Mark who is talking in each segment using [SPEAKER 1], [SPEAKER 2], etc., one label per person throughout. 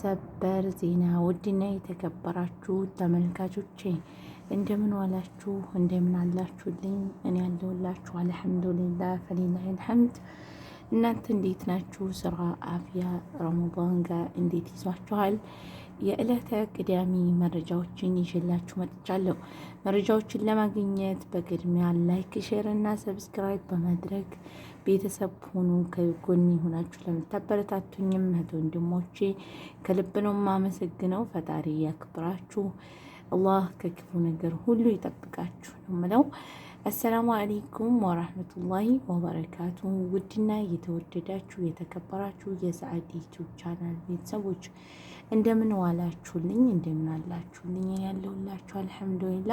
[SPEAKER 1] ሰበር ዜና ውድና የተከበራችሁ ተመልካቾቼ እንደምን ዋላችሁ? እንደምን አላችሁልኝ? እኔ ያለሁላችሁ አልሐምዱሊላ ፈሊላህ ልሐምድ። እናንተ እንዴት ናችሁ? ስራ አፍያ፣ ረመዳን ጋር እንዴት ይዟችኋል? የዕለተ ቅዳሜ መረጃዎችን ይዤላችሁ መጥቻለሁ። መረጃዎችን ለማግኘት በቅድሚያ ላይክ፣ ሼር እና ሰብስክራይብ በማድረግ ቤተሰብ ሆኑ። ከጎን ሆናችሁ ለምታበረታቱኝም እህት ወንድሞቼ ከልብ ነው የማመሰግነው። ፈጣሪ ያክብራችሁ። አላህ ከክፉ ነገር ሁሉ ይጠብቃችሁ ነው የምለው። አሰላሙ አሌይኩም ወራህመቱላሂ ወበረካቱ። ውድና የተወደዳችሁ የተከበራችሁ የሰዓድ ዩቲዩብ ቻናል ቤተሰቦች እንደምን ዋላችሁልኝ? እንደምን አላችሁልኝ? ያለሁላችሁ አልሐምዱሊላ።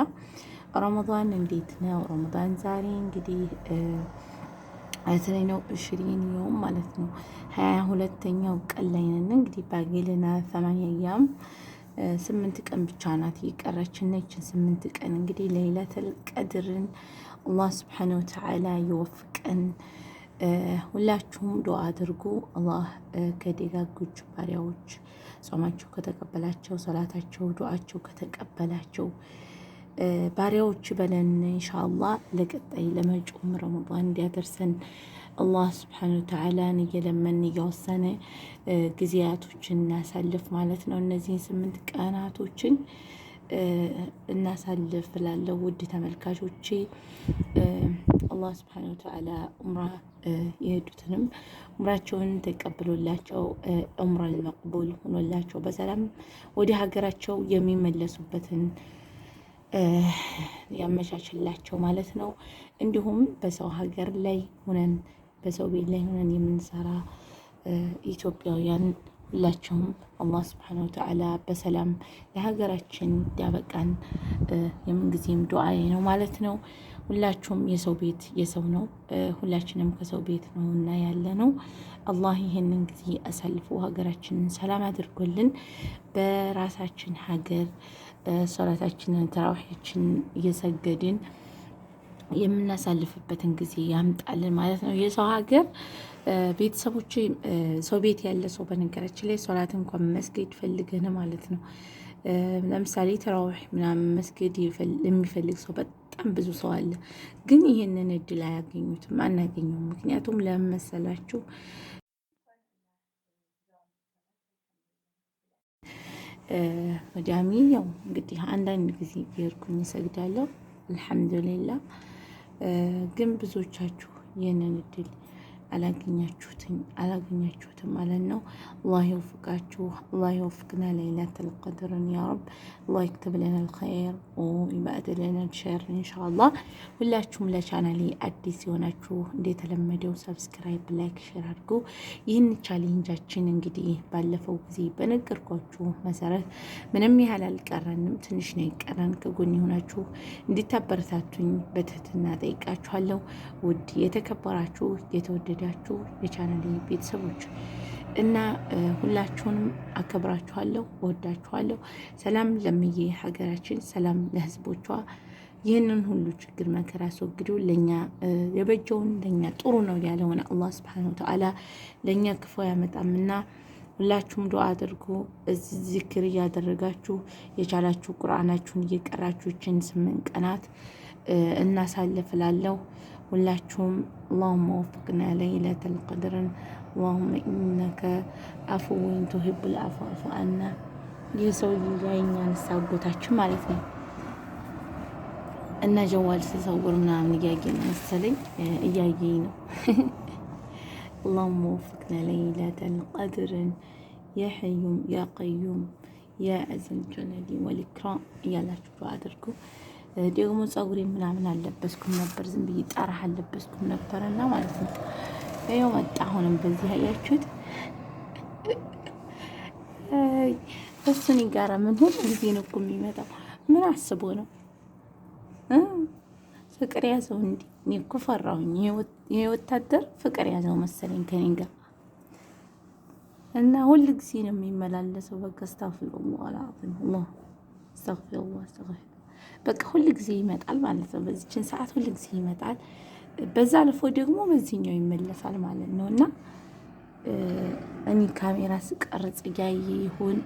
[SPEAKER 1] ረመዳን እንዴት ነው? ረመዳን ዛሬ እንግዲህ ነው እሽሪን የውም ማለት ነው ሀያ ሁለተኛው ቀን ላይ ነን። እንግዲህ ባጌልና ሰማንያ አያም ስምንት ቀን ብቻ ናት የቀረችን። ይችን ስምንት ቀን እንግዲህ ለይለተል ቀድርን አላህ ስብሓነሁ ወተዓላ ይወፍቀን። ሁላችሁም ዱዓ አድርጉ። አላህ ከደጋጎች ባሪያዎች ጾማቸው ከተቀበላቸው፣ ሰላታቸው፣ ዱዓቸው ከተቀበላቸው ባሪያዎች በለን። ኢንሻአላህ ለቀጣይ ለመጪውም ረመዳን እንዲያደርሰን አላህ ስብሓን ወተዓላን እየለመን እያወሰነ ጊዜያቶችን እናሳልፍ ማለት ነው። እነዚህን ስምንት ቀናቶችን እናሳልፍ ላለው ውድ ተመልካቾቼ አላህ ስብሓን ወተዓላ ኡምራ የሄዱትንም ኡምራቸውን ተቀብሎላቸው ኡምራል መቅቡል ሆኖላቸው በሰላም ወደ ሀገራቸው የሚመለሱበትን ያመቻችላቸው ማለት ነው። እንዲሁም በሰው ሀገር ላይ ሁነን በሰው ቤት ላይ ሆነን የምንሰራ ኢትዮጵያውያን ሁላችሁም አላህ ስብሓን ወተዓላ በሰላም ለሀገራችን ያበቃን የምንጊዜም ዱዓዬ ነው ማለት ነው። ሁላችሁም የሰው ቤት የሰው ነው። ሁላችንም ከሰው ቤት ነው እና ያለ ነው። አላህ ይህንን ጊዜ አሳልፎ ሀገራችንን ሰላም አድርጎልን በራሳችን ሀገር ሰላታችንን ተራዊሒያችንን እየሰገድን የምናሳልፍበትን ጊዜ ያምጣልን ማለት ነው። የሰው ሀገር ቤተሰቦች ሰው ቤት ያለ ሰው በነገራችን ላይ ሶላት እንኳን መስገድ ፈልገን ማለት ነው። ለምሳሌ ተራዊሕ ምናምን መስገድ የሚፈልግ ሰው በጣም ብዙ ሰው አለ። ግን ይህንን እድል አያገኙትም፣ አናገኘውም። ምክንያቱም ለምን መሰላችሁ? ወዲያሚ ያው እንግዲህ አንዳንድ ጊዜ የርኩኝ እሰግዳለሁ። አልሐምዱሊላህ ግን ብዙዎቻችሁ ይህንን እድል አላገኛችሁትም አላገኛችሁትም ማለት ነው። አላህ ይወፍቃችሁ። አላህ ይወፍቅና ለይለተል ቀድርን ያረብ። አላህ ይክትብ ለና ልኸይር ወይባዕድ ለና ልሸር ኢንሻአላህ። ሁላችሁም ለቻናሌ አዲስ የሆናችሁ እንደተለመደው ሰብስክራይብ፣ ላይክ፣ ሸር አድርጉ። ይህን ቻሌንጃችን እንግዲህ ባለፈው ጊዜ በነገርኳችሁ መሰረት ምንም ያህል አልቀረንም፣ ትንሽ ነው የቀረን። ከጎን የሆናችሁ እንዲታበረታቱኝ በትህትና ጠይቃችኋለሁ። ውድ የተከበራችሁ የተወደ የተወደዳችሁ የቻነል ቤተሰቦች እና ሁላችሁንም አከብራችኋለሁ፣ ወዳችኋለሁ። ሰላም ለምዬ ሀገራችን፣ ሰላም ለህዝቦቿ። ይህንን ሁሉ ችግር መከራ አስወግዶ ለእኛ የበጀውን ለእኛ ጥሩ ነው ያለውን አላህ ስብሐነሁ ወተዓላ ለእኛ ክፉ አያመጣምና ሁላችሁም ዱዓ አድርጉ። እዚህ ዝክር እያደረጋችሁ የቻላችሁ ቁርአናችሁን እየቀራችሁችን ስምንት ቀናት እናሳልፍላለሁ። ሁላችሁም አላሁመ ወፍቅና ለይለተል ቀድርን አላሁመ ኢነከ አፍወን ቱሂቡል አፍወ አና። ይህ ሰውዬ የእኛ ንስሓ ማለት ነው እና ጀዋል ስሰውር ምናምን እያየን መሰለኝ እያየኝ ነው። አላሁመ ወፍቅና ለይለተል ቀድርን ያ ሐዩም ያ ቀዩም ያ አዘል ጀለሊ ወልኢክራም እያላችሁ አድርጉ። ደግሞ ጸጉሬ ምናምን አልለበስኩም ነበር፣ ዝም ብዬ ጠራህ አልለበስኩም ነበር እና ማለት ነው። ይኸው መጣ። አሁንም በዚህ ያያችሁት እሱን ጋራ ምን ሁሉ ጊዜ ነው እኮ የሚመጣው? ምን አስቦ ነው ፍቅር ያዘው? እንዲ እኔ እኮ ፈራሁኝ። ይሄ ወታደር ፍቅር ያዘው መሰለኝ ከኔ ጋር እና ሁል ጊዜ ነው የሚመላለሰው። በቃ ስታፍሮ ላ ስታፍሮ በቃ ሁል ጊዜ ይመጣል ማለት ነው። በዚችን ሰዓት ሁል ጊዜ ይመጣል። በዛ አልፎ ደግሞ በዚህኛው ይመለሳል ማለት ነው እና እኔ ካሜራ ስቀርጽ እያየ ይሁን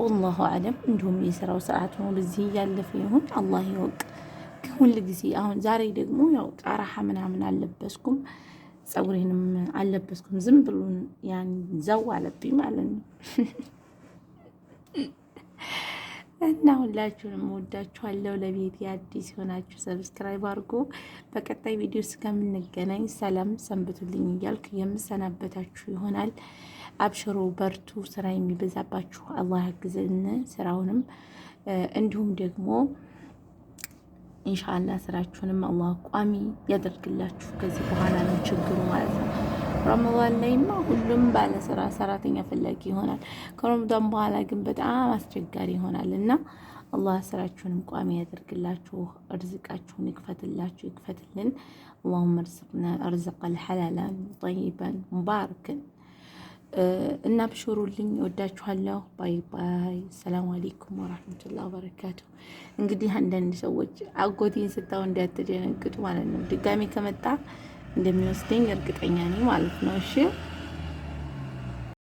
[SPEAKER 1] ወላሁ አለም፣ እንዲሁም የስራው ሰዓት ነው በዚህ እያለፈ ይሁን አላህ ይወቅ። ሁል ጊዜ አሁን ዛሬ ደግሞ ያው ጠራሃ ምናምን አልለበስኩም፣ ፀጉሬንም አልለበስኩም። ዝም ብሎን ያን ዘው አለብኝ ማለት ነው። እና ሁላችሁንም ወዳችኋለሁ። ለቤት የአዲስ የሆናችሁ ሰብስክራይብ አድርጉ። በቀጣይ ቪዲዮ እስከምንገናኝ ሰላም ሰንብቱልኝ እያልኩ የምሰናበታችሁ ይሆናል። አብሽሮ በርቱ። ስራ የሚበዛባችሁ አላህ ያግዘን። ስራውንም እንዲሁም ደግሞ ኢንሻአላህ ስራችሁንም አላህ ቋሚ ያደርግላችሁ። ከዚህ በኋላ ነው ችግሩ ማለት ነው። ረመዳን ላይማ ሁሉም ባለስራ ሰራተኛ ፈላጊ ይሆናል። ከረመዳን በኋላ ግን በጣም አስቸጋሪ ይሆናል እና አላህ ስራችሁንም ቋሚ ያደርግላችሁ፣ እርዝቃችሁን ይክፈትላችሁ፣ ይክፈትልን። አላሁመ እርዝቅና እርዝቀል ሐላላን ጠይበን ሙባረክን እና ብሽሩልኝ። ወዳችኋለሁ። ባይ ባይ። ሰላም አሌይኩም ወራህመቱላህ በረካቱ። እንግዲህ አንዳንድ ሰዎች አጎቴን ስታው እንዳትደነግጡ ማለት ነው ድጋሚ ከመጣ እንደሚወስደኝ እርግጠኛ ነኝ ማለት ነው። እሺ